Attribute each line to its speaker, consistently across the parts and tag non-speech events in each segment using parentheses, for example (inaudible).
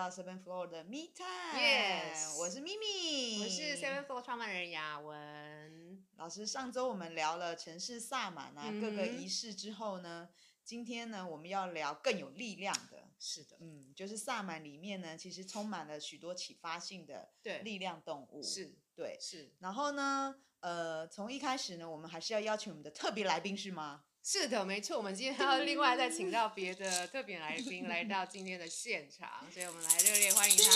Speaker 1: 到 7flow 的 Me Time，Yes, 我是咪咪，我是 7flow 創辦人雅雯老師。上周我們聊了城市薩滿啊，mm hmm. 各個儀式之後呢，今天呢我們要聊更有力量的，是的，嗯，就是薩滿裡面呢，其實充滿了許多啟發性的力量動物，是對，對是。然後呢，呃，從一開始呢，我們還是要邀請我們的特別來賓，是嗎？是的，沒錯。我們今天還要另外再請到
Speaker 2: 別的特別來賓來到今天的現場，所以我們來熱烈歡迎他。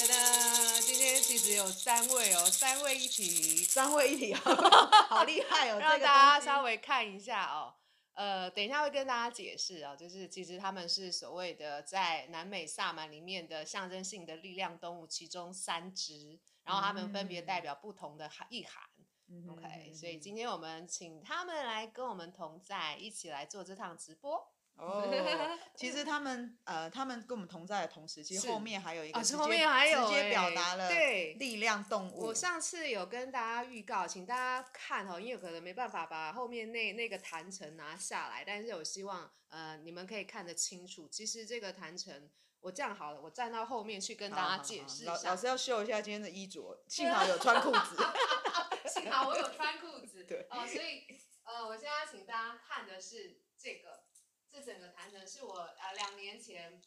Speaker 2: 噔噔！今天其實有三位哦，三位一體，三位一體哦， (laughs) 好厲害哦！讓大家稍微看一下哦。呃，等一下會跟大家解釋哦，就是其實他們是所謂的在南美薩滿裡面的象徵性的力量動物，其中三隻，
Speaker 1: 然後他們分別
Speaker 2: 代表不同的意涵。嗯嗯 OK，所以今天我們請他們來跟我們同在，一起來做這趟直播。
Speaker 1: 哦、其實他們呃，他們跟我們同在的同時，其實後面還有一個直接，是、哦、後面還有、欸、直接表達了對
Speaker 2: 力量動物。我上次有跟大家預告，請大家看哦，因為可能沒辦法把後面那那個壇城拿下來，但是我希望呃，你們可以看得清楚。其實這個壇城，我這樣好了，我站
Speaker 1: 到後面去跟大家解釋一下。老師要秀一下今天的衣着，幸好有穿褲子。 (laughs)
Speaker 2: (laughs) 好，我有穿褲
Speaker 1: 子，
Speaker 2: (laughs) 對，哦，所以，呃，我現在要請大家看的是這個，這整個壇城是我呃兩年前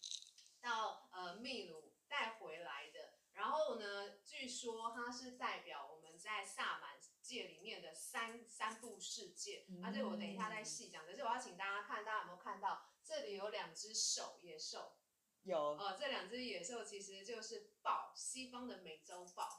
Speaker 2: 到呃秘魯帶回來的。然後呢，據說它是代表我們在薩滿界裡面的三三部世界。而且、嗯哼啊這個、我等一下再細講。可是我要請大家看，大家有沒有看到這裡有兩隻獸野獸？
Speaker 1: 有、呃。
Speaker 2: 這兩隻野獸其實就是豹，西方的美洲豹。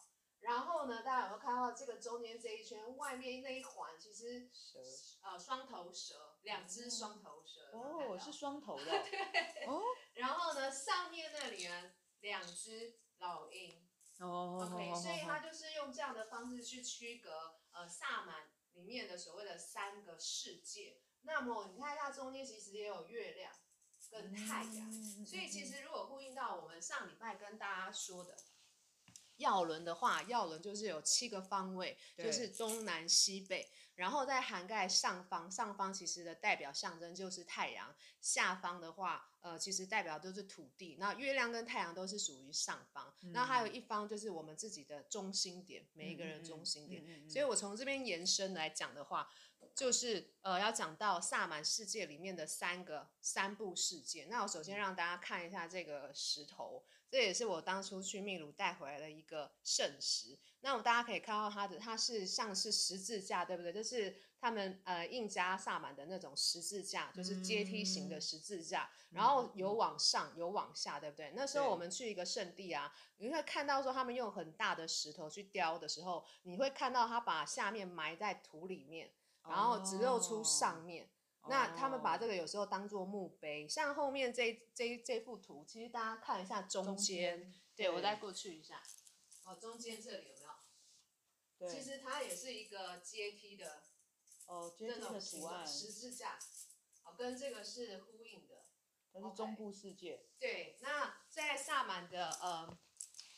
Speaker 2: 然後。大家有沒有看到這個中間這一圈，外面那一環其實蛇呃，雙頭蛇，兩只雙頭蛇。
Speaker 1: 嗯、有有哦，我是雙頭的。
Speaker 2: (laughs) 對哦。然後呢，上面那裡呢，兩只老鷹。
Speaker 1: 哦。OK，哦哦所以它
Speaker 2: 就是用這樣的方式去區隔，呃，薩滿裡面的所謂的三個世界。那麼你看一下中間其實也有月亮跟太陽，嗯、所以其實如果呼應到我們上禮拜跟大家說的。藥輪的話，藥輪就是有七個方位，對就是東南西北，然後再涵蓋上方。上方其實的代表象徵就是太陽。下方的話，呃，其實代表就是土地。那月亮跟太陽都是屬於上方。嗯、那還有一方就是我們自己的中心點，嗯、每一個人中心點。嗯嗯嗯嗯、所以我從這邊延伸來講的話，就是呃，要講到薩滿世界裡面的三個三部世界。那我首先讓大家看一下這個石頭。這也是我當初去秘魯帶回來的一個聖石。那我們大家可以看到它的，它是像是十字架，對不對？就是他們呃印加薩滿的那種十字架，就是階梯型的十字架，嗯、然後有往上有、嗯、往下，對不對？那時候我們去一個聖地啊，對你會看到說他們用很大的石頭去雕的時候，你會看到他把下面埋在土裡面，然後只露出上面。Oh. 那他們把這個有時候當作墓碑，像後面這這這幅圖，其實大家看一下中間，對，對，我再過去一下，哦，中間這裡有沒有？對，其實它也是一個階梯的，哦，
Speaker 1: 對，那種圖案，哦，圖案，十
Speaker 2: 字架，哦，跟這個是呼應的，
Speaker 1: 它是中部世界。Okay,
Speaker 2: 對，那在薩滿的呃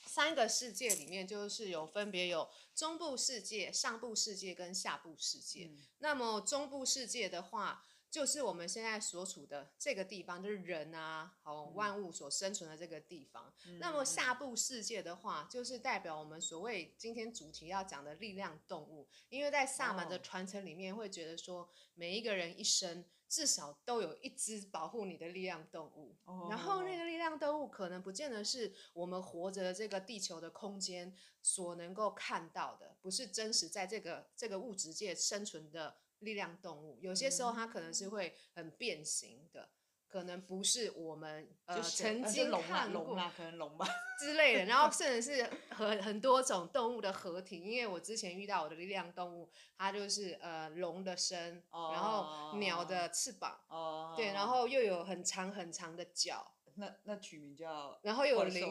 Speaker 2: 三個世界裡面，就是有分別有中部世界、上部世界跟下部世界。嗯，那麼中部世界的話。就是我們現在所處的這個地方，就是人啊，好、哦、萬物所生存的這個地方。嗯、那麼下部世界的話，就是代表我們所謂今天主題要講的力量動物。因為在薩滿的傳承裡面，會覺得說，哦、每一個人一生至少都有一只保護你的力量動物。哦、然後那個力量動物可能不見得是我們活着的這個地球的空間所能夠看到的，不是真實在這個這個物質界生存的。力量動物有些時候它可能是會很變形的，嗯、可能不是我們呃選曾經看過，啊啊、可能龍吧
Speaker 1: 之類的，然後
Speaker 2: 甚至是很很多種動物的合體。 (laughs) 因為我之前遇到我的力量動物，它就是呃龍的身，然後鳥的翅
Speaker 1: 膀，oh, 對，然後
Speaker 2: 又有很長很長的角。
Speaker 1: 那那取名叫，然後有靈，
Speaker 2: (laughs) 我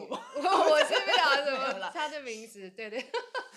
Speaker 2: 是不曉得怎麼他的名字， (laughs) 啦對對。 (laughs)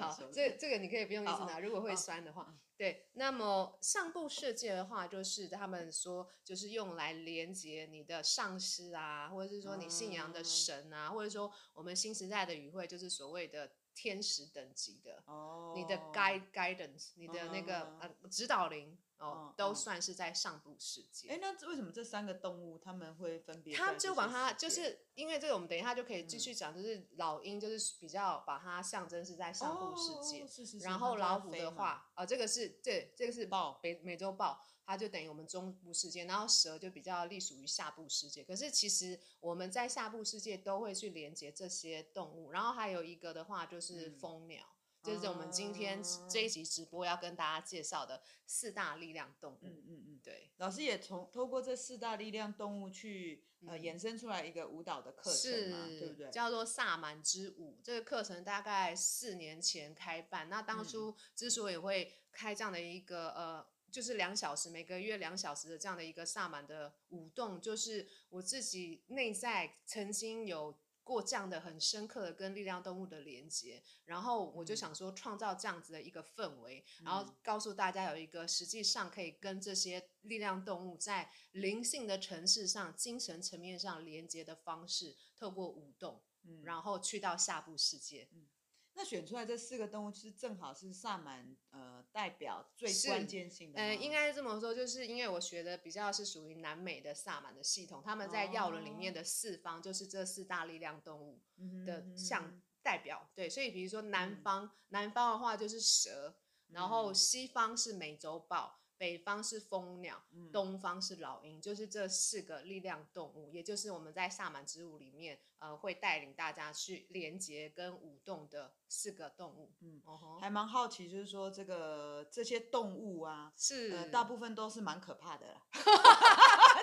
Speaker 2: 好，這 (laughs) 這個你可以不用一直拿， (laughs) 如果會酸的話。哦哦對，那麼上部設計的話，就是他們說就是用來連接你的上師啊，或者是說你信仰的神啊，嗯、或者說我們新時代的語彙就是所謂的。天使等級的，哦、你的 guidance 你的那個、嗯嗯嗯啊、指導靈哦，都算是在上部
Speaker 1: 世界。哎、欸，那為什麼這三個動物他們會分別？他就把它就
Speaker 2: 是、就是、因為這個，我們等一下就可以繼續講，嗯、就是老鷹就是比較把它象徵是在上部世界，
Speaker 1: 嗯哦、然後老虎的話，
Speaker 2: 啊、哦，這個是這這個是豹，美豹美洲豹。它就等於我們中部世界，然後蛇就比較隸屬於下部世界。可是其實我們在下部世界都會去連接這些動物，然後還有一個的話就是蜂鳥，嗯、就是我們今天、啊、這
Speaker 1: 一集直播要跟大家介紹的四大力量動物。嗯嗯嗯，對，老師也從透過這四大力量動物去呃衍生出來一個舞蹈的課程嘛，是對不對？叫
Speaker 2: 做薩滿之舞。這個課程大概四年前開辦，那當初之所以會開這樣的一個、嗯、呃。就是兩小時，每個月兩小時的這樣的一個薩滿的舞動，就是我自己內在曾經有過這樣的很深刻的跟力量動物的連接，然後我就想說創造這樣子的一個氛圍，嗯、然後告訴大家有一個實際上可以跟這些力量動物在靈性的層次上、嗯、精神層面上連接的方式，透過舞動，然後去到下部世界。嗯
Speaker 1: 那選出來這四個動物是正好是薩滿呃代表最關鍵性的呃，應
Speaker 2: 該是這麼說，就是因為我學的比較是屬於南美的薩滿的系統，他們在藥輪裡面的四方就是這四大力量動物的像代表。嗯嗯嗯、對，所以比如說南方，嗯、南方的話就是蛇，然後西方是美洲豹，北方是蜂鳥，嗯、東方是老鷹，就是這四個力量動物，也就是我們在薩滿之舞裡面呃會
Speaker 1: 帶領大家去連接跟舞動的。
Speaker 2: 四個動物，嗯，哦、吼還蠻
Speaker 1: 好奇，就是說這個這些動物啊，是、呃、大部分都是蠻可怕的。 (laughs)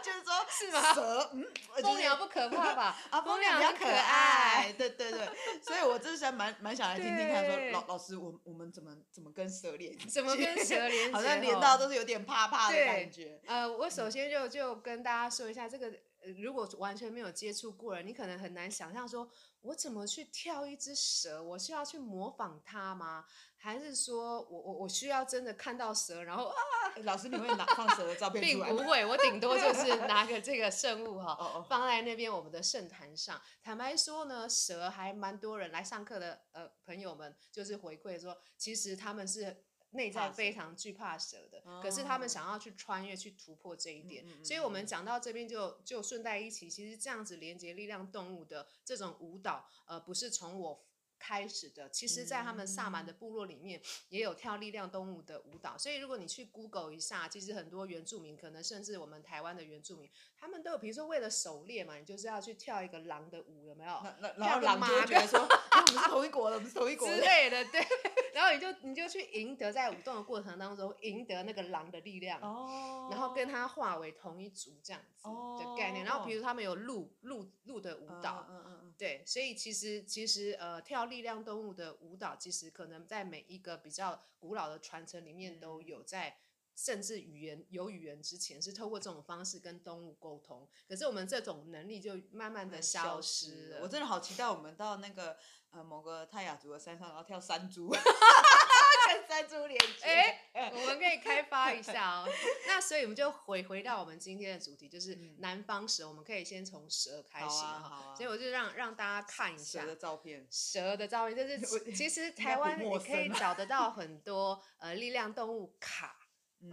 Speaker 1: 就是說，是嗎？蛇，嗯，蜂鳥不可怕吧？啊，蜂鳥比較可愛，可愛 (laughs) 對對對，所以我真的是蠻蠻想來聽聽看說，說老對老師，我們我們怎麼怎麼跟蛇連，怎麼跟蛇連，跟蛇連 (laughs) 好像連到都是有點怕怕的感覺。呃，我
Speaker 2: 首先就就跟大家說一下這個。如果完全沒有接觸過人，你可能很難想象說，我怎麼去跳一只蛇？我是要去模仿它嗎？還是說我我我需要真的看到蛇，然後啊？老師，你會拿放蛇的照片嗎？並不會，我頂多就是拿個這個聖物哈， (laughs) 放在那邊我們的聖壇上。Oh, oh. 坦白說呢，蛇還蠻多人來上課的，呃，朋友們就是回饋說，其實他們是。內在非常懼怕蛇的，蛇可是他們想要去穿越，哦，去突破這一點。嗯嗯嗯嗯，所以，我們講到這邊就就順帶一起，其實這樣子連接力量動物的這種舞蹈，呃，不是從我開始的。其實，在他們薩滿的部落裡面，嗯嗯，也有跳力量動物的舞蹈。所以，如果你去 Google 一下，其實很多原住民，可能甚至我們台灣的原住民，他們都有，比如說為了狩獵嘛，你就是要去跳一個狼的舞，有沒有？
Speaker 1: 那狼就會覺得說、 (laughs) 哎，我
Speaker 2: 們是同一國的，我們是同一國了之類的，對。然後你就你就去贏得，在舞動的過程當中贏得那個狼的力量，Oh. 然後跟他化為同一族這樣子的概念。Oh. 然後，譬如他們有鹿鹿鹿的舞蹈，嗯嗯嗯，對。所以其實其實呃，跳力量動物的舞蹈，其實可能在每一個比較古老的傳承裡面都有，mm. 在，甚至語言有語言之前是透過這
Speaker 1: 種方式跟動物溝通。可是我們這種能力就慢慢的消失了。我真的好期待我們到那個。和某個泰雅族的山上，然後跳山豬，哈哈哈，跟山豬連接。欸，我們可以開發一下哦。那所以我們就回回到
Speaker 2: 我們今天的主題，就是南方蛇。我們可以先從蛇開始。好啊，好啊。所以我就讓讓大家看一下蛇的
Speaker 1: 照片，
Speaker 2: 蛇的照片。就是其實台灣你可以找得到很多呃力量動物卡。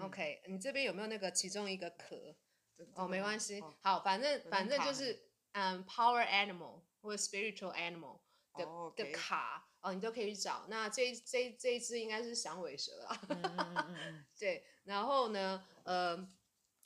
Speaker 2: OK，你這邊有沒有那個其中一個殼？哦，沒關係。好，反正反正就是嗯，power animal 或 spiritual animal。的的卡 Okay. 哦，你都可以去找。那這這這一只應該是響尾蛇啦 (laughs) 對。然後呢，呃，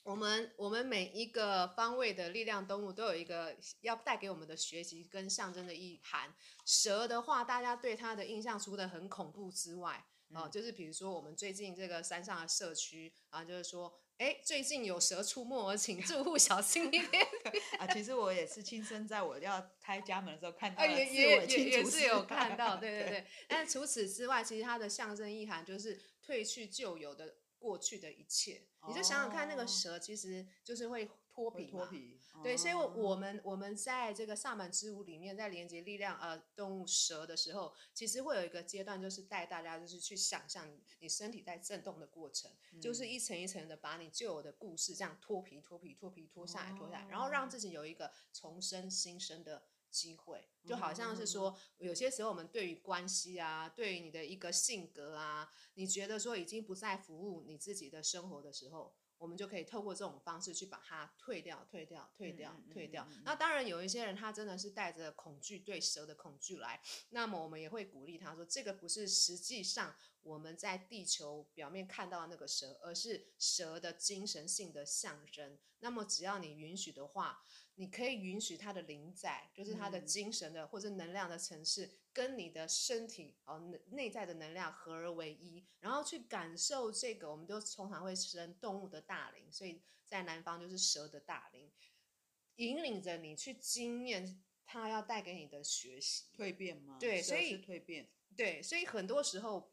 Speaker 2: 我們我們每一個方位的力量動物都有一個要帶給我們的學習跟象徵的意涵。蛇的話，大家對它的印象除了很恐怖之外，啊、嗯哦，就是比如說我們最近這個山上的社區啊，就是說。哎，最近有蛇出
Speaker 1: 沒，我請住戶小心一點。 (laughs) 啊，其實我也是親身在我要開家門的時候看到，也是有看到，對對
Speaker 2: 對。對，但除此之外，其實它的象徵意涵就是褪去舊有的。過去的一切，你就想想看，那個蛇其實就是會脫皮嘛，脫皮。對，哦、所以我們我們在這個薩滿之舞裡面，在連接力量呃動物蛇的時候，其實會有一個階段，就是帶大家就是去想象你，你身體在震動的過程，嗯、就是一層一層的把你舊有的故事這樣脫皮、脫皮、脫皮脫下來、脫下來，然後讓自己有一個重生、新生的機會
Speaker 1: 就好像是說，
Speaker 2: 有些時候我們對於關係啊，對於你的一個性格啊，你覺得說已經不再服務你自己的生活的時候，我們就可以透過這種方式去把它褪掉、褪掉、褪掉、褪掉。嗯，嗯，嗯。那當然有一些人他真的是帶着恐懼，對蛇的恐懼來，那麼我們也會鼓勵他說，這個不是實際上我們在地球表面看到的那個蛇，而是蛇的精神性的象徵。那麼只要你允許的話。你可以允許他的臨在，就是他的精神的或者能量的層次，跟你的身體哦內在的能量合而為一，然後去感受這個。我們都通常會稱動物的大靈，所以在南方就是蛇的大靈，引領着你去經驗它要帶給你
Speaker 1: 的學習、蛻
Speaker 2: 變嗎？對，所以蛻變。對，所以很多時候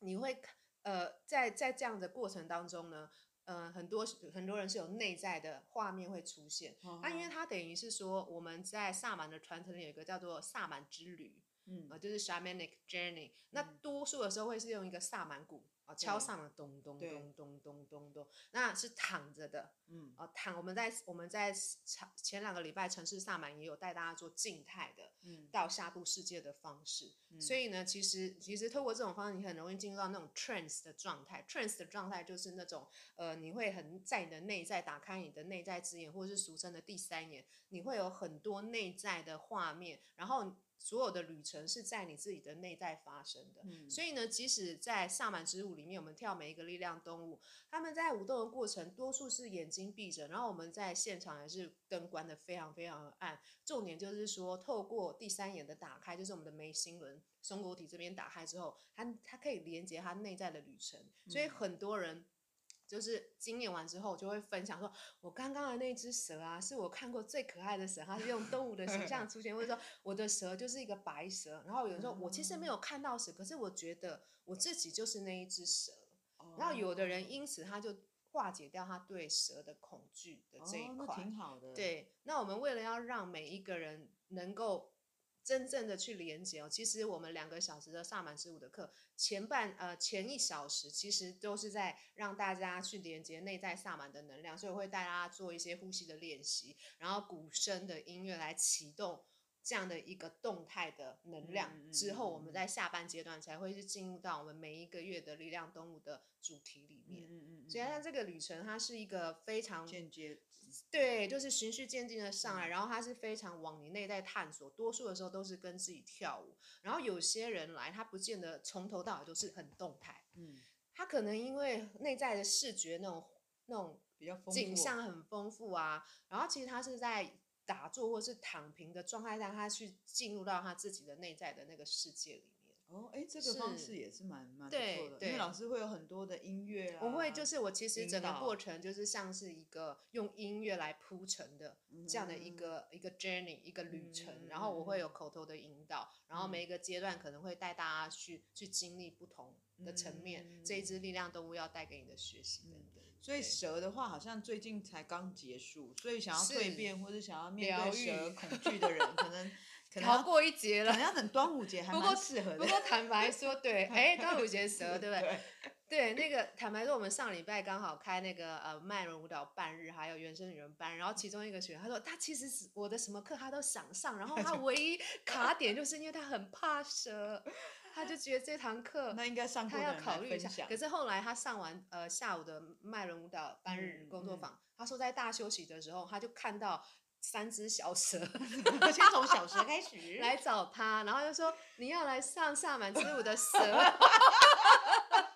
Speaker 2: 你會呃，在在這樣的過程當中呢。嗯、呃，很多很多人是有內在的畫面會出現，那、哦哦、因為它等於是說我們在薩滿的傳承裡有一個叫做薩滿之旅，嗯、呃，就是 Shamanic Journey，嗯、那多數的時候會是用一個薩滿鼓。對敲上了咚咚咚咚咚咚咚，咚，對那是躺着的，嗯，哦、啊、躺。我們在我們在前兩個禮拜城市薩滿也有帶大家做靜態的，嗯，到下部世界的方式。嗯、所以呢，其實其實透過這種方式，你很容易進入到那種 trance 的狀態。嗯、trance 的狀態就是那種，呃，你會很在你的內在打開你的內在之眼，或者是俗稱的第三眼，你會有很多內在的畫面，然後。所有的旅程是在你自己的內在發生的，嗯、所以呢，即使在薩滿之舞裡面，我們跳每一個力量動物，他們在舞動的過程，多數是眼睛閉着，然後我們在現場也是燈關得非常非常的暗，重點就是說，透過第三眼的打開，就是我們的眉心輪、松果體這邊打開之後，它它可以連接它內在的旅程，嗯、所以很多人。就是經驗完之後，我就會分享說，我剛剛的那隻蛇啊，是我看過最可愛的蛇。它是用動物的形象出現， (laughs) 或者說我的蛇就是一個白蛇。然後有時候我其實沒有看到蛇，可是我覺得我自己就是那一隻蛇。哦、然後有的人因此他就化解掉他對蛇的恐
Speaker 1: 懼的這一塊，哦、那挺好的。對，
Speaker 2: 那我們為了要讓每一個人能夠。真正的去連接哦，其實我們兩個小時的薩滿之舞的課，前半呃前一小時其實都是在讓大家去連接內在薩滿的能量，所以我會帶大家做一些呼吸的練習，然後鼓聲的音樂來啟動。這樣的一個動態的能量之後，我們在下半階段才會是進入到我們每一個月的力量動物的主題裡
Speaker 1: 面。嗯嗯，
Speaker 2: 所以它這個旅程，它是一個非常間接，對，就是循序漸進的上來，嗯、然後它是非常往你內在探索。多數的時候都是跟自己跳舞，然後有些人來，他不見得從頭到尾都是很動態。嗯，他可能因為內在的視覺那種那種景象很豐富啊，然後其實他是在。打坐或是躺平的狀態，讓他去進入到他自己的內在的那個世界裡面。哦，哎、欸，這個方式
Speaker 1: 也是蠻蠻是不錯的，對對因為老師會有很多的音樂啊。我會，就是我其實整個過
Speaker 2: 程就是像是一個用音樂來鋪陳的這樣的一個、嗯、哼一個 journey 一個旅程，嗯、哼然後我會有口頭的引導，嗯、哼然後每一個階段可能會帶大家去去經歷不同。的層
Speaker 1: 面，這一隻力量動物要帶給你的學習、嗯、對所以蛇的話，好像最近才剛結束，所以想要蛻變是或者想要面對蛇恐懼的人， (laughs) 可能逃過一劫了。可能要等端午節還蠻適合的不。不過坦白說，對，哎、 (laughs) 欸，端午節蛇，對不 (laughs) 對？對，
Speaker 2: (laughs) 對，那個坦白說，我們上禮拜剛好開那個呃，脈輪舞蹈半日，還有原生女人班，然後其中一個學員他說，他其實是我的什麼課他都想上，然後他唯一卡點就是因為他很怕蛇。 (laughs) 他就覺得這堂課，那應該上。他要考慮一下。可是後來他上完呃下午的麥倫舞蹈半日、嗯、工作坊，嗯、他說在大休息的時候，他就看到三隻小蛇， (laughs) 先從小蛇開始 (laughs) 來找他，然後就說你要來上薩滿之舞的蛇。 (laughs) (laughs)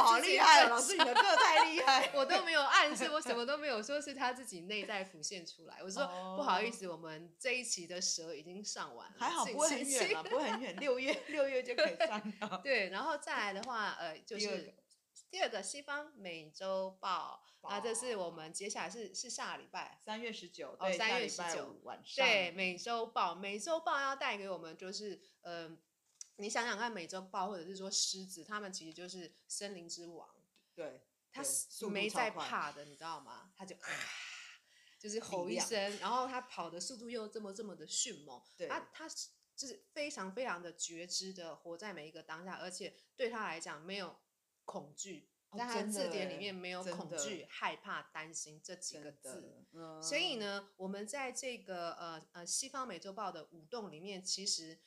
Speaker 2: 哦、好厲害，老師你的課太厲害， (laughs) 我都沒有暗示，我什麼都沒有說，是他自己內在浮現出來。我說、oh, 不好意思，我們這一期的蛇已經上完了，還好不會很遠嘛、啊， (laughs) 不會很
Speaker 1: 遠，六月六月就可
Speaker 2: 以上了，對，然後再來的話，呃，就是
Speaker 1: 第
Speaker 2: 二，第二個西方美洲豹，豹，那這是我們接下來是是下禮拜三月十九，對，哦、三月十九晚上，對，美洲豹，美洲豹要帶給我們就是，嗯、呃。你想想看，美洲豹或者是說獅子，它們其實就是森林之王。
Speaker 1: 對，它沒在怕
Speaker 2: 的，你知道嗎？它就、呃，就是吼一聲，氧然後它跑的速度又這麼這麼的迅猛。對他它是就是非常非常的覺知的活在每一個當下，而且對他來講沒有恐懼，哦、在他字典裡面沒有恐懼、的害怕、擔心這幾個字。嗯、
Speaker 1: 所
Speaker 2: 以呢，我們在這個呃呃西方美洲豹的舞動裡面，其實。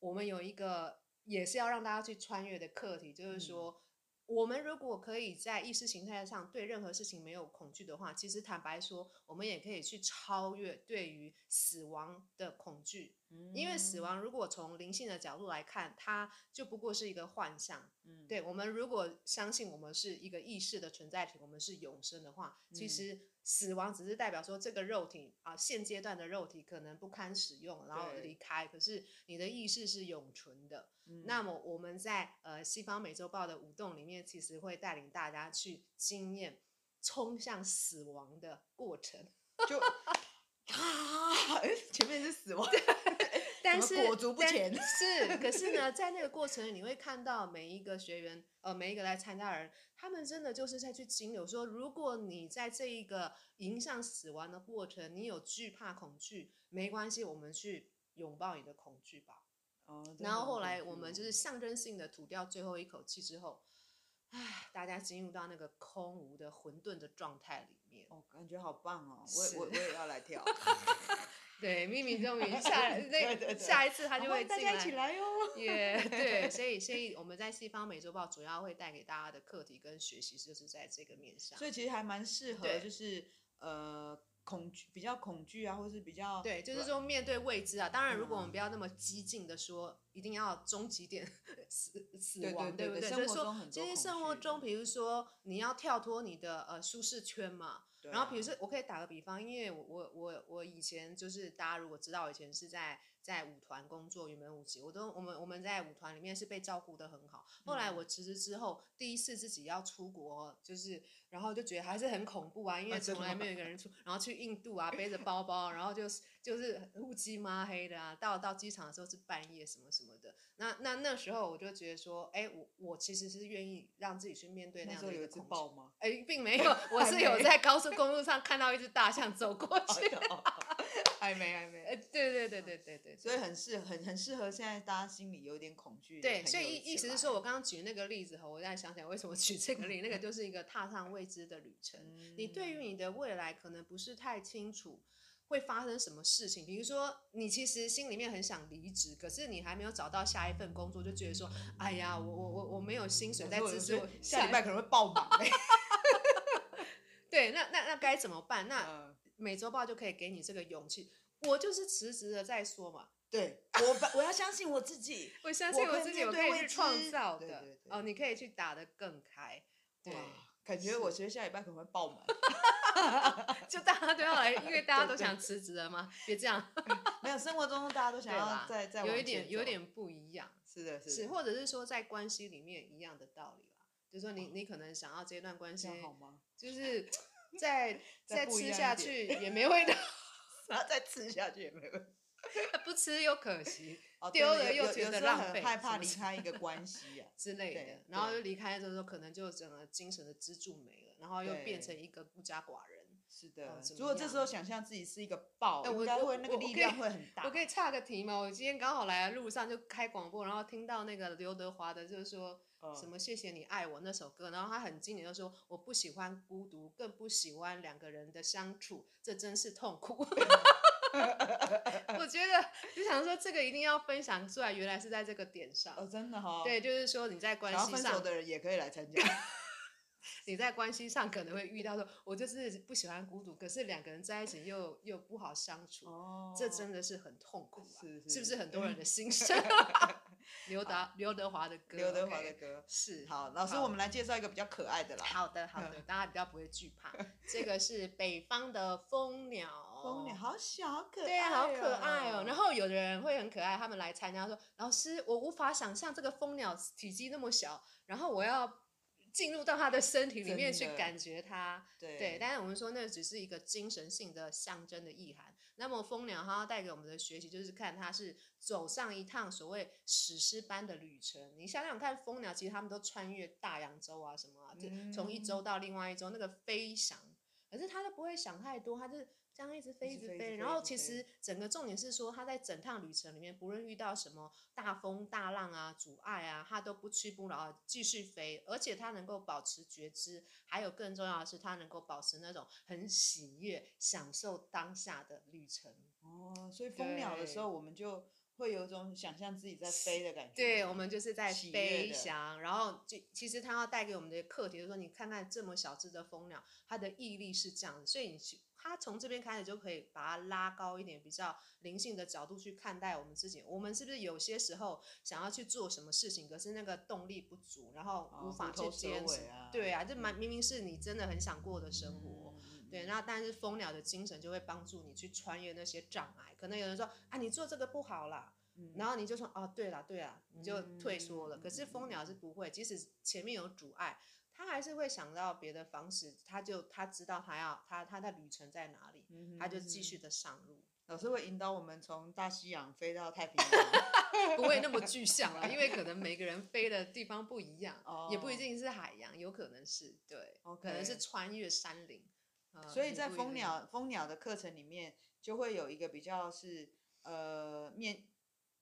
Speaker 2: 我們有一個也是要讓大家去穿越的課題，就是說，我們如果可以在意識形態上對任何事情沒有恐懼的話，其實坦白說，我們也可以去超越對於死亡的恐懼。因為死亡，如果從靈性的角度來看，它就不過是一個幻象。嗯，對，我們如果相信我們是一個意識的存在體，我們是永生的話，嗯、其實死亡只是代表說這個肉體啊、呃，現階段的肉體可能不堪使用，然後離開。對可是你的意識是永存的。嗯、那麼我們在呃西方美洲豹的舞動裡面，其實會帶領大家去經驗衝向死亡的過程。就啊， (laughs) (laughs) 前面是死亡。 (laughs)
Speaker 1: 但，是，有有但是，可是呢，
Speaker 2: 在那個過程，你會看到每一個學員，呃，每一個來參加的人，他們真的就是在去經歷。說，如果你在這一個迎向死亡的過程，你有懼怕、恐懼，沒關係，我們去擁抱你的恐懼吧。哦。然後後來，我們就是象徵性的吐掉最後一口氣之後，哎，大家進入到那個空無的混沌的狀態裡面，哦，感覺好棒哦！是我也我也要來跳。 (laughs)
Speaker 1: 對，祕密終於下，那 (laughs) 下一次他就會進來。大家一起來、哦、yeah, 對，
Speaker 2: 所以所以我們在西方美洲豹主要會帶給大家的課題跟學習就是在這個面上。所以
Speaker 1: 其實還蠻適合，就是對呃恐懼比較恐懼啊，或是比較對，就是說面對未知啊。當然，如果我們不要那
Speaker 2: 麼激進的說，一定要終極點死死亡，對不對？就是說，其實生活中，比如說你要跳脫你的呃舒適圈嘛。然後，比如說，我可以打個比方，因為我我我我以前就是大家如果知道，我以前是在在舞團工作，雲門舞集，我都我們我們在舞團裡面是被照顧得很好。後來我辭職之後，第一次自己要出國，就是然後就覺得還是很恐怖啊，因為從來沒有一個人出，然後去印度啊，背着包包，然後就是就是烏漆抹黑的啊，到到機場的時候是半夜什麼什麼的。那那那時候我就覺得說，哎、欸，我我其實是願意讓自己去面對那樣的一個，就有一個恐嗎？哎、欸，並沒有，我是有在高速公路上看到一隻大象走過去。
Speaker 1: 還沒，還沒。哎、 (laughs) 欸，對對對對對對，對，所以很適合很很適合現在大家心裡有點恐懼。對，所以意意
Speaker 2: 思是說，我剛剛舉那個例子， (laughs) 我再想想為什麼舉這個例子，那個就是一個踏上未知的旅程。嗯、你對於你的未來可能不是太清楚。會發生什麼事情？比如說，你其實心裡面很想離職，可是你還沒有找到下一份工作，就覺得說，哎呀，我我我我沒有薪水在資助，我我下禮拜
Speaker 1: 可能會爆滿、欸。
Speaker 2: (laughs) (laughs) 對，那那那該怎麼辦？那美洲豹就可以給你這個勇氣，我就是辭職了再說嘛。
Speaker 1: 對我，我要相信我自己， (laughs) 我相信我自己有可,可以去創造
Speaker 2: 的。對對對哦，你可以去打得更開。對。對感覺我覺得下禮拜可能會爆滿， (laughs)
Speaker 1: 就大家都要來，因為大家都想辭職了嘛？別對這樣， (laughs) 沒有，生活中大家都想要吧有，有一點有點
Speaker 2: 不一樣，
Speaker 1: 是的，是的，
Speaker 2: 或者是說在關係裡面一樣的道理吧，就是、說你你可能想要這一段關係，嗯、好嗎就是再 (laughs) 再吃下去也沒味道，
Speaker 1: (laughs) 然後，再吃下去也沒味。
Speaker 2: (laughs) 不吃又可惜，
Speaker 1: 丟了又覺得浪費，哦、害怕離開一個關係、啊、麼 (laughs) 之類的。對然後就
Speaker 2: 離開的時候，對可能就整個精神的支柱沒了，然後又變成一個孤家寡人。是的，如果、嗯、這時候想象自己是一個豹，哎，我那個力量會很大、嗯我我我。我可以岔個題嗎？嗯、我今天剛好來的路上就開廣播，然後聽到那個劉德華的，就是說什麼“謝謝你愛我”那首歌，然後他很經典，就說：“我不喜歡孤獨，更不喜歡兩個人的相處，這真是痛苦。嗯” (laughs) (laughs) 我覺得就想說，這個一定要分享出來，原來是在這個點上。哦，真的、哦、對，就是說你在關係上，分手的
Speaker 1: 人也可以來參加。
Speaker 2: (laughs) 你在關係上可能會遇到說，我就是不喜歡孤獨，可是兩個人在一起又又不好相處，哦、這真的是很痛苦，是,是,是不是很多人的心聲？ (laughs)
Speaker 1: 劉德劉德華的歌，劉德華的歌是好老師，我們來介紹一個比較可愛的啦。好的好的，大家比較不會懼怕。這個是北方的
Speaker 2: 蜂鳥，
Speaker 1: 蜂鳥好小好可愛，對啊好可愛哦。然後有的
Speaker 2: 人會很可愛，他們來參加說，老師我無法想象這個蜂鳥體積那麼小，然後我要進入到他的身體裡面去感覺他。對，但是我們說那只是一個精神性的象徵的意涵。那麼蜂鳥它要帶給我們的學習，就是看它是走上一趟所謂史詩般的旅程。你想想看蜂鳥，其實他們都穿越大洋洲啊，什麼啊，嗯、就從一周到另外一周那個飛翔，可是它都不會想太多，它就。這樣一直飛，飛一直飛。然後其實整個重點是說，它在整趟旅程裡面，不論遇到什麼大風大浪啊、阻礙啊，它都不屈不撓繼續飛。而且它能夠保持覺知，還有更重要的是，它能夠保持那種很喜悅、
Speaker 1: 享受當下的旅程。哦，所以蜂鳥的時候，我們就。會有一種想象自己在飛的感覺，對，我們就是在飛翔。然後就其實他要
Speaker 2: 帶給我們的課題就是說，你看看這麼小隻的蜂鳥，它的毅力是這樣的，所以你去，它從這邊開始就可以把它拉高一點，比較靈性的角度去看待我們自己。我們是不是有些時候想要去做什麼事情，可是那個動力不足，然後無法去堅持？哦、啊對啊，這蠻明明是你真的很想過的生活。嗯對，那但是蜂鳥的精神就會幫助你去穿越那些障礙。可能有人說啊，你做這個不好啦，嗯、然後你就說哦，對了對了，你就退縮了。嗯嗯嗯嗯、可是蜂鳥是不會，即使前面有阻礙，它還是會想到別的方式。它就它知道它要它它的旅程在
Speaker 1: 哪裡，它就繼續的上路。嗯嗯嗯、老師會引導我們從大西洋飛到太平洋，不會那麼具象了，因為可能每個人
Speaker 2: 飛的地方不一樣
Speaker 1: ，oh. 也不一定是
Speaker 2: 海洋，有可能是對，Okay. 可能是穿越山林。嗯，所以在蜂鳥
Speaker 1: 蜂鳥的課程裡面，就會有一個比較是呃面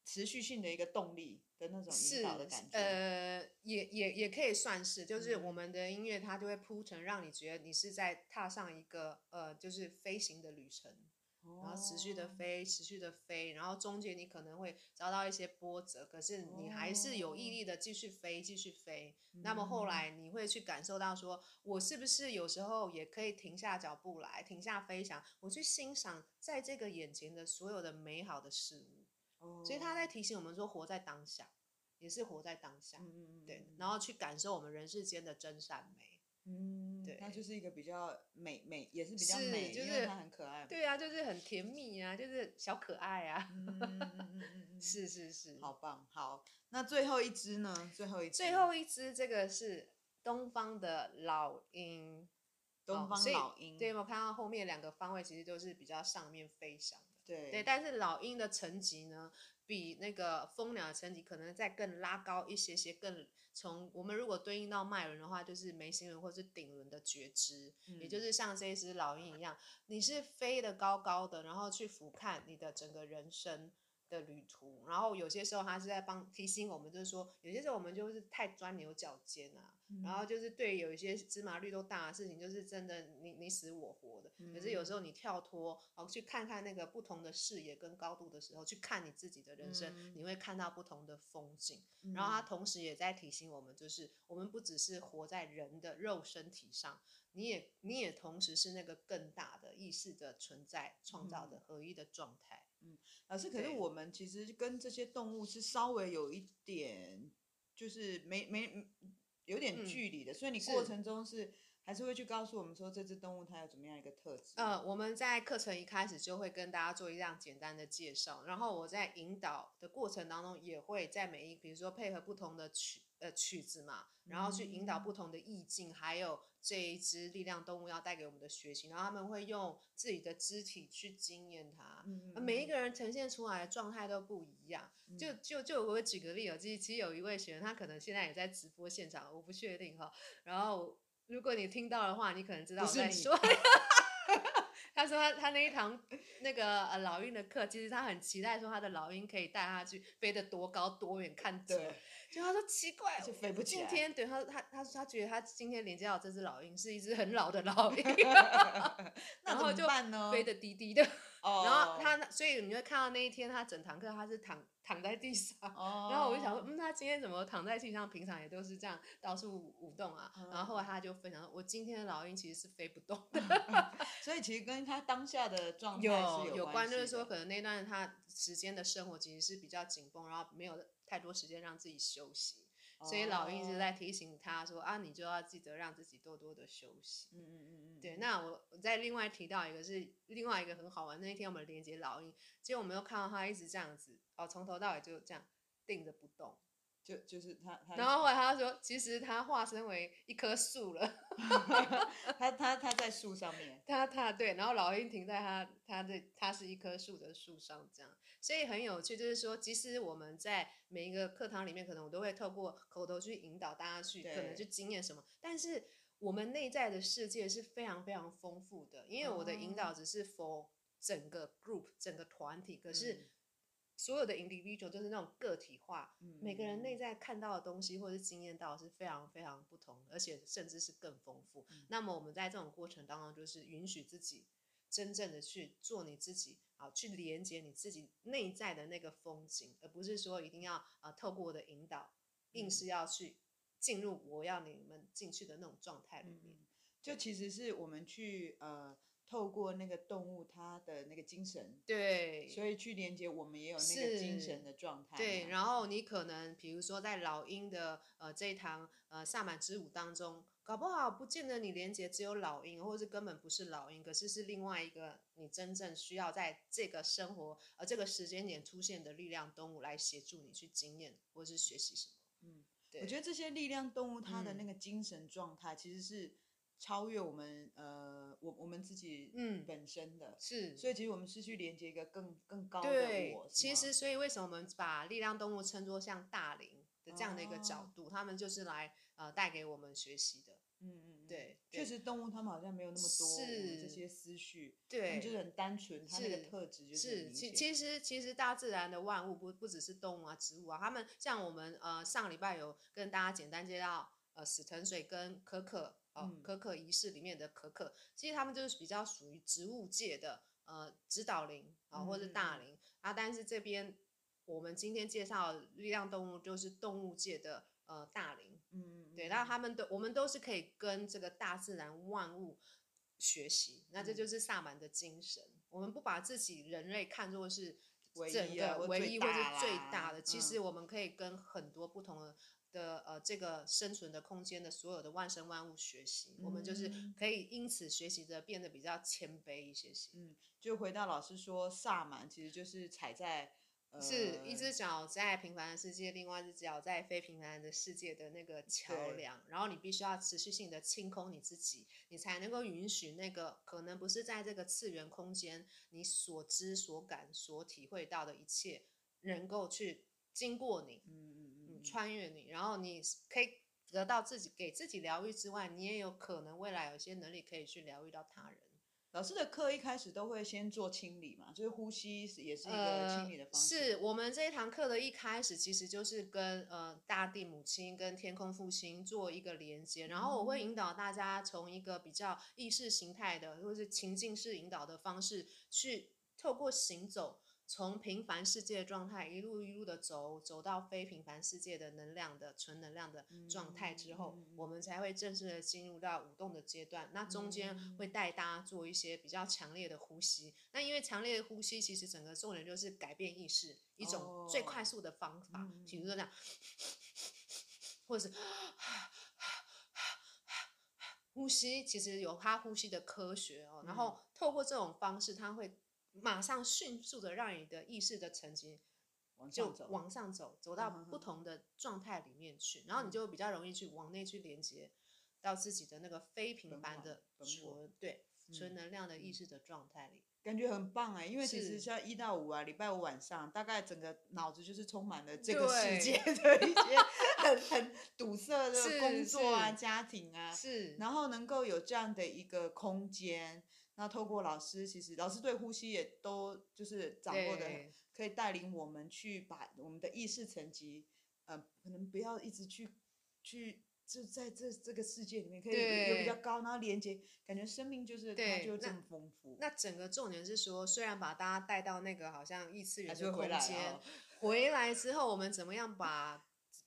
Speaker 1: 持續性的一個動力的那種引導的感覺，呃，也也也可以算是，
Speaker 2: 就是我們的音樂它就會鋪陳，讓你覺得你是在踏上一個呃，就是飛行的旅程。然後持續的飛，oh. 持續的飛，然後中間你可能會遭到一些波折，可是你還是有毅力的繼續飛，繼續飛，oh. 繼續
Speaker 1: 飛。那麼後來
Speaker 2: 你會去感受到，說我是不是有時候也可以停下腳步來，停下飛翔，我去欣賞在這個眼前的所有的美好的事物。Oh. 所以他在提醒我們說，活在當下，也是活在當下，mm hmm. 對，然後去感受我們人世
Speaker 1: 間的真善美。Mm hmm. 對，它就是一個比較美美，也是比較美，是就是它很可愛嘛。對啊，就是很甜蜜啊，就是小可愛啊。 (laughs) 是是是，好棒好。那最後一隻呢？最後一隻，最後一隻，這個是
Speaker 2: 東方的老鷹，
Speaker 1: 東方老鷹。哦、對，
Speaker 2: 我看到後面兩個方位其實都是比較上面飛翔。對，對，但是老鷹的層級呢，比那個蜂鳥的層級可能再更拉高一些些，更從我們如果對應到脈輪的話，就是眉心輪或是頂輪的覺知，嗯、也就是像這一隻老鷹一樣，你是飛得高高的，然後去俯瞰你的整個人生的旅途，然後有些時候它是在幫提醒我們，就是說有些時候我們就是太鑽牛角尖了，啊。嗯、然後就是對有一些芝麻綠豆大的事情，就是真的你你死我活的。可、嗯、是有時候你跳脫然後去看看那個不同的視野跟高度的時候，去看你自己的人生，嗯、你會看到不同的風景。嗯、然後它同時也在提醒我們，就是我們不只是活在人的肉身體上，你也你也同時是那個更大的意識的存在創造的合一
Speaker 1: 的狀態。嗯、嗯，老師，對可是我們其實跟這些動物是稍微有一點，就是沒沒。沒有點距離的，嗯，所以你過程中是。還是會去告訴我們說，這只動物它有怎麼樣一個特質？呃，我
Speaker 2: 們在課程一開始就會跟大家做一樣簡單的介紹，然後我在引導的過程當中，也會在每一個比如說配合不同的曲呃曲子嘛然後去引導不同的意境，嗯、還有這一只力量動物要帶給我們的學習。然後他們會用自己的肢體去經驗它，嗯、而每一個人呈現出來的狀態都不一樣。嗯、就就就我會舉個例子，其實其實有一位學員，他可能現在也在直播現場，我不確定哈，然後。如果你聽到的話，你可能知道我在是說。 (laughs) (laughs) 他說他他那一堂那個呃老鷹的課，其實他很期待說他的老鷹可以帶他去飛得多高多遠看。對，就他說奇怪，就飛不起。今天對，他他他說他覺得他今天連接到這隻老鷹是一隻很老的老鷹，
Speaker 1: 那 (laughs) (laughs) 然後就
Speaker 2: 飛得低低的。呢 (laughs) 然後他所以你會看到那一天他整堂課他是躺。躺在地上，oh. 然後我就想說，嗯，他今天怎麼躺在地上？平常也都是這樣到處舞動啊。Oh. 然後後來他就分享，我今天的老鷹其實是飛不動的。 (laughs) (laughs) 所以其實跟他當下的狀態有關有，有關，就是說可能那段他時間的生活其實是比較緊繃，然後沒有太多時間讓自己休息。
Speaker 1: 所以老鷹一直
Speaker 2: 在提醒他說，oh. 啊，你就要記得讓自己多多的休息。嗯嗯嗯嗯，hmm. 對。那我我再另外提到一個是，是另外一個很好玩。那一天我們連接老鷹，結果我們又看到他一直這樣子，哦，從頭到尾就這樣定着不動。就就是他他。然後後來他說，其實他化身為
Speaker 1: 一棵樹了。 (laughs) 嗯、他他他在樹上面，
Speaker 2: 他他對，然後老鷹停在他他的他是一棵樹的樹上，這樣，所以很有趣，就是說，即使我們在每一個課堂裡面，可能我都會透過口頭去引導大家去，對可能去經驗什麼，但是我們內在的世界是非常非常豐富的，因為我的引導只是 for 整個 group 整個團體，可是。所有的 individual 就是那種個體化，嗯、每個人內在看到的東西或是經驗到的是非常非常不同，而且甚至是更豐富。嗯、那麼我們在這種過程當中，就是允許自己真正的去做你自己啊、呃，去連接你自己內在的那個風景，而不是說一定要啊、呃，透過我的引導，硬是要去進入我要你們
Speaker 1: 進去的那種狀態裡面。嗯、對就其實是我們去呃。透過那個動物，它的那個精神，對，所以去連接我們也有那個精神的狀態啊。對，然
Speaker 2: 後你可能，比如說在老鷹的呃這一堂呃薩滿之舞當中，搞不好不見得你連接只有老鷹，或者是根本不是老鷹，可是是另外一個你真正需要在這個生活呃這個時間點出現的力量動物來協助你去經驗或者是學習什麼。嗯，
Speaker 1: 對，我覺得這些力量動物它的那個精神狀態其實是。超越我們呃，我我們自己本身的是，所以其實我們是去連接一個更更高的我。其實所以為什麼我們把
Speaker 2: 力量動物稱作像大靈的這樣的一個角度，他們就是來呃帶給我們學
Speaker 1: 習的。嗯嗯對，確實動物他們好像沒有那麼多這些思緒，對，就很單純，他們的特質就是。其其
Speaker 2: 實其實大自然的萬物不不只是動物啊、植物啊，他們像我們呃上禮拜有跟大家簡單介紹呃死藤水跟可可。可可儀式裡面的可可，嗯、其實他們就是比較屬於植物界的，呃，指導靈啊、呃，或者大靈、嗯、啊。但是這邊我們今天介紹的力量動物，就是動物界的，呃，大靈。嗯對，然後、嗯、他們都，嗯、我們都是可以跟這個大自然萬物學習。嗯、那這就是薩滿的精神，我們不把自己人類看作是
Speaker 1: 整個唯一或者最大
Speaker 2: 的。大其實我們可以跟很多不同的。嗯的呃，這個生存的空間的所有的萬生萬物學習，嗯、我們就是可以因此學習着變得比較謙卑一些些。嗯，就回到老師說，薩滿其實就是踩在、
Speaker 1: 呃、是一只
Speaker 2: 腳在平凡的世界，另外一只腳在非平凡的世界的那個橋梁。對然後你必須要持續性的清空你自己，你才能夠允許那個可能不是在這個次元空間你所知所感所體會到的一切，嗯、能夠去經過你。嗯。穿越你，然後你可以得到自己給自己療癒之外，你也有可能未來有些能力可以去療癒到他人。老師的課一開始都會先做清理嘛，就是呼吸也
Speaker 1: 是一個清理的
Speaker 2: 方式。呃、是我們這一堂課的一開始，其實就是跟呃大地母親、跟天空父親做一個連接，然後我會引導大家從一個比較意識形態的或者是情境式引導的方式，去透過行走，從平凡世界的狀態，一路一路的走，走到非平凡世界的能量的純能量的狀態之後，嗯、我們才會正式的進入到舞動的階段。嗯、那中間會帶大家做一些比較強烈的呼吸。嗯、那因為強烈的呼吸，其實整個重點就是改變意識，哦、一種最快速的方法。比如說這樣，嗯、或者是呼吸，其實有它呼吸的科學哦。嗯、然後透過這種方式，它會。馬上迅速的讓你的意識的層級就往
Speaker 1: 上走，往
Speaker 2: 上走，走到不同的狀態裡面去，嗯、哼然後你就比較容易去往內去連接
Speaker 1: 到自己的那個非平凡的純對純、嗯、能量的意識的狀態裡，感覺很棒哎，因為其實像一到五啊，是禮拜五晚上大概整個腦子就是充滿了這個世界的一些很對 (laughs) 很堵塞的工作啊、家庭啊，是，然後能夠有這樣的一個空間。那透過老師，其實老師對呼吸也都就是掌握的很，對可以帶領我們去把我們的意識層級，呃，可能不要一直去去就在這這個世界裡面，可以有比較高，對然後連接，感覺生命就是對它就這麼豐富那。那整個
Speaker 2: 重點是說，雖然把大家帶到那個好像異次元的空間，回來了哦、回來之後我們怎麼樣把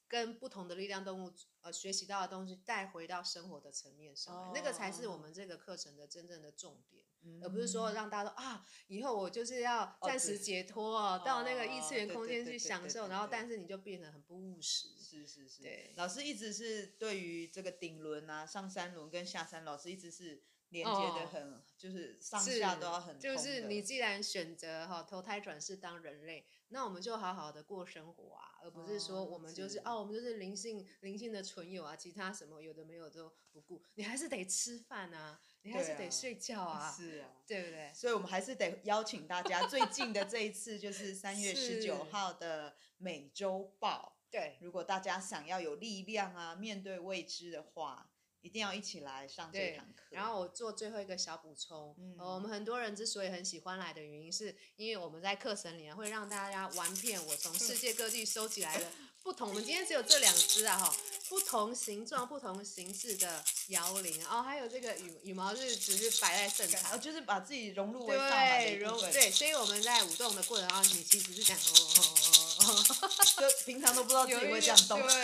Speaker 2: 跟不同的力量動物呃學習到的東西帶回到生活的層面上，哦、那個才是我們這個課程的真正的重點。而不是說讓大家都啊，以後我就是要暫時解脫，到那個異次元空間去享受，然後但是你就變得很不務實。是是是，對，
Speaker 1: 老師一直是對於這個頂輪啊、上三輪跟下三輪，老師一直是。連接的很，哦、就是上下都要很。就是你
Speaker 2: 既然選擇哈投胎轉世當人類，那我們就好好的過生活啊，而不是說我們就是，哦，是哦，我們就是靈性靈性的存有啊，其他什麼有的沒有都
Speaker 1: 不顧，你還是得吃飯啊，啊你還是得睡覺啊，是啊，對不對？所以我們還是得邀請大家， (laughs) 最近的這一次就是三月十九號的美洲豹。是對，如果大家想要有力量啊，面對未知的話。一定要一起來上這堂課。對，然後我做最後一個小補充，嗯呃，我們很多人之
Speaker 2: 所以很喜歡來的原因，是因為我們在課程裡面會讓大家玩遍我從世界各地收集來的不同，嗯、我們今天只有這兩隻啊哈，嗯哦，不同形狀、嗯、不同形式的搖鈴哦，還有這個羽羽毛是只是擺在身上，就是把自己融入舞蹈的一部分對，對，所以我們在舞動的過程當中，哦，你其實是想哦哦哦哦。哦哦
Speaker 1: (laughs) (laughs) 就平常都不知道自己會這樣動 (laughs) 對，對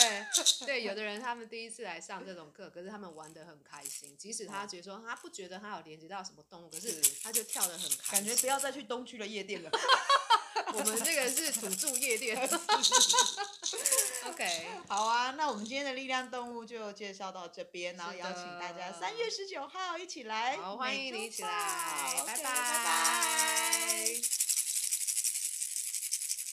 Speaker 1: 對，有的人他
Speaker 2: 們第一次來上這種課，可是他們玩得很開心，即使他覺得說他不覺得他有連接到什麼動物，可是他就跳得很
Speaker 1: 開心。感覺不要再去東區的夜店了，
Speaker 2: (laughs) (laughs) 我們這個是土
Speaker 1: 著夜店。 (laughs) OK，好啊，那我們今天的力量動物就介紹到這邊，然後邀請大家三月十九號一起來，好歡迎你一起來，拜拜。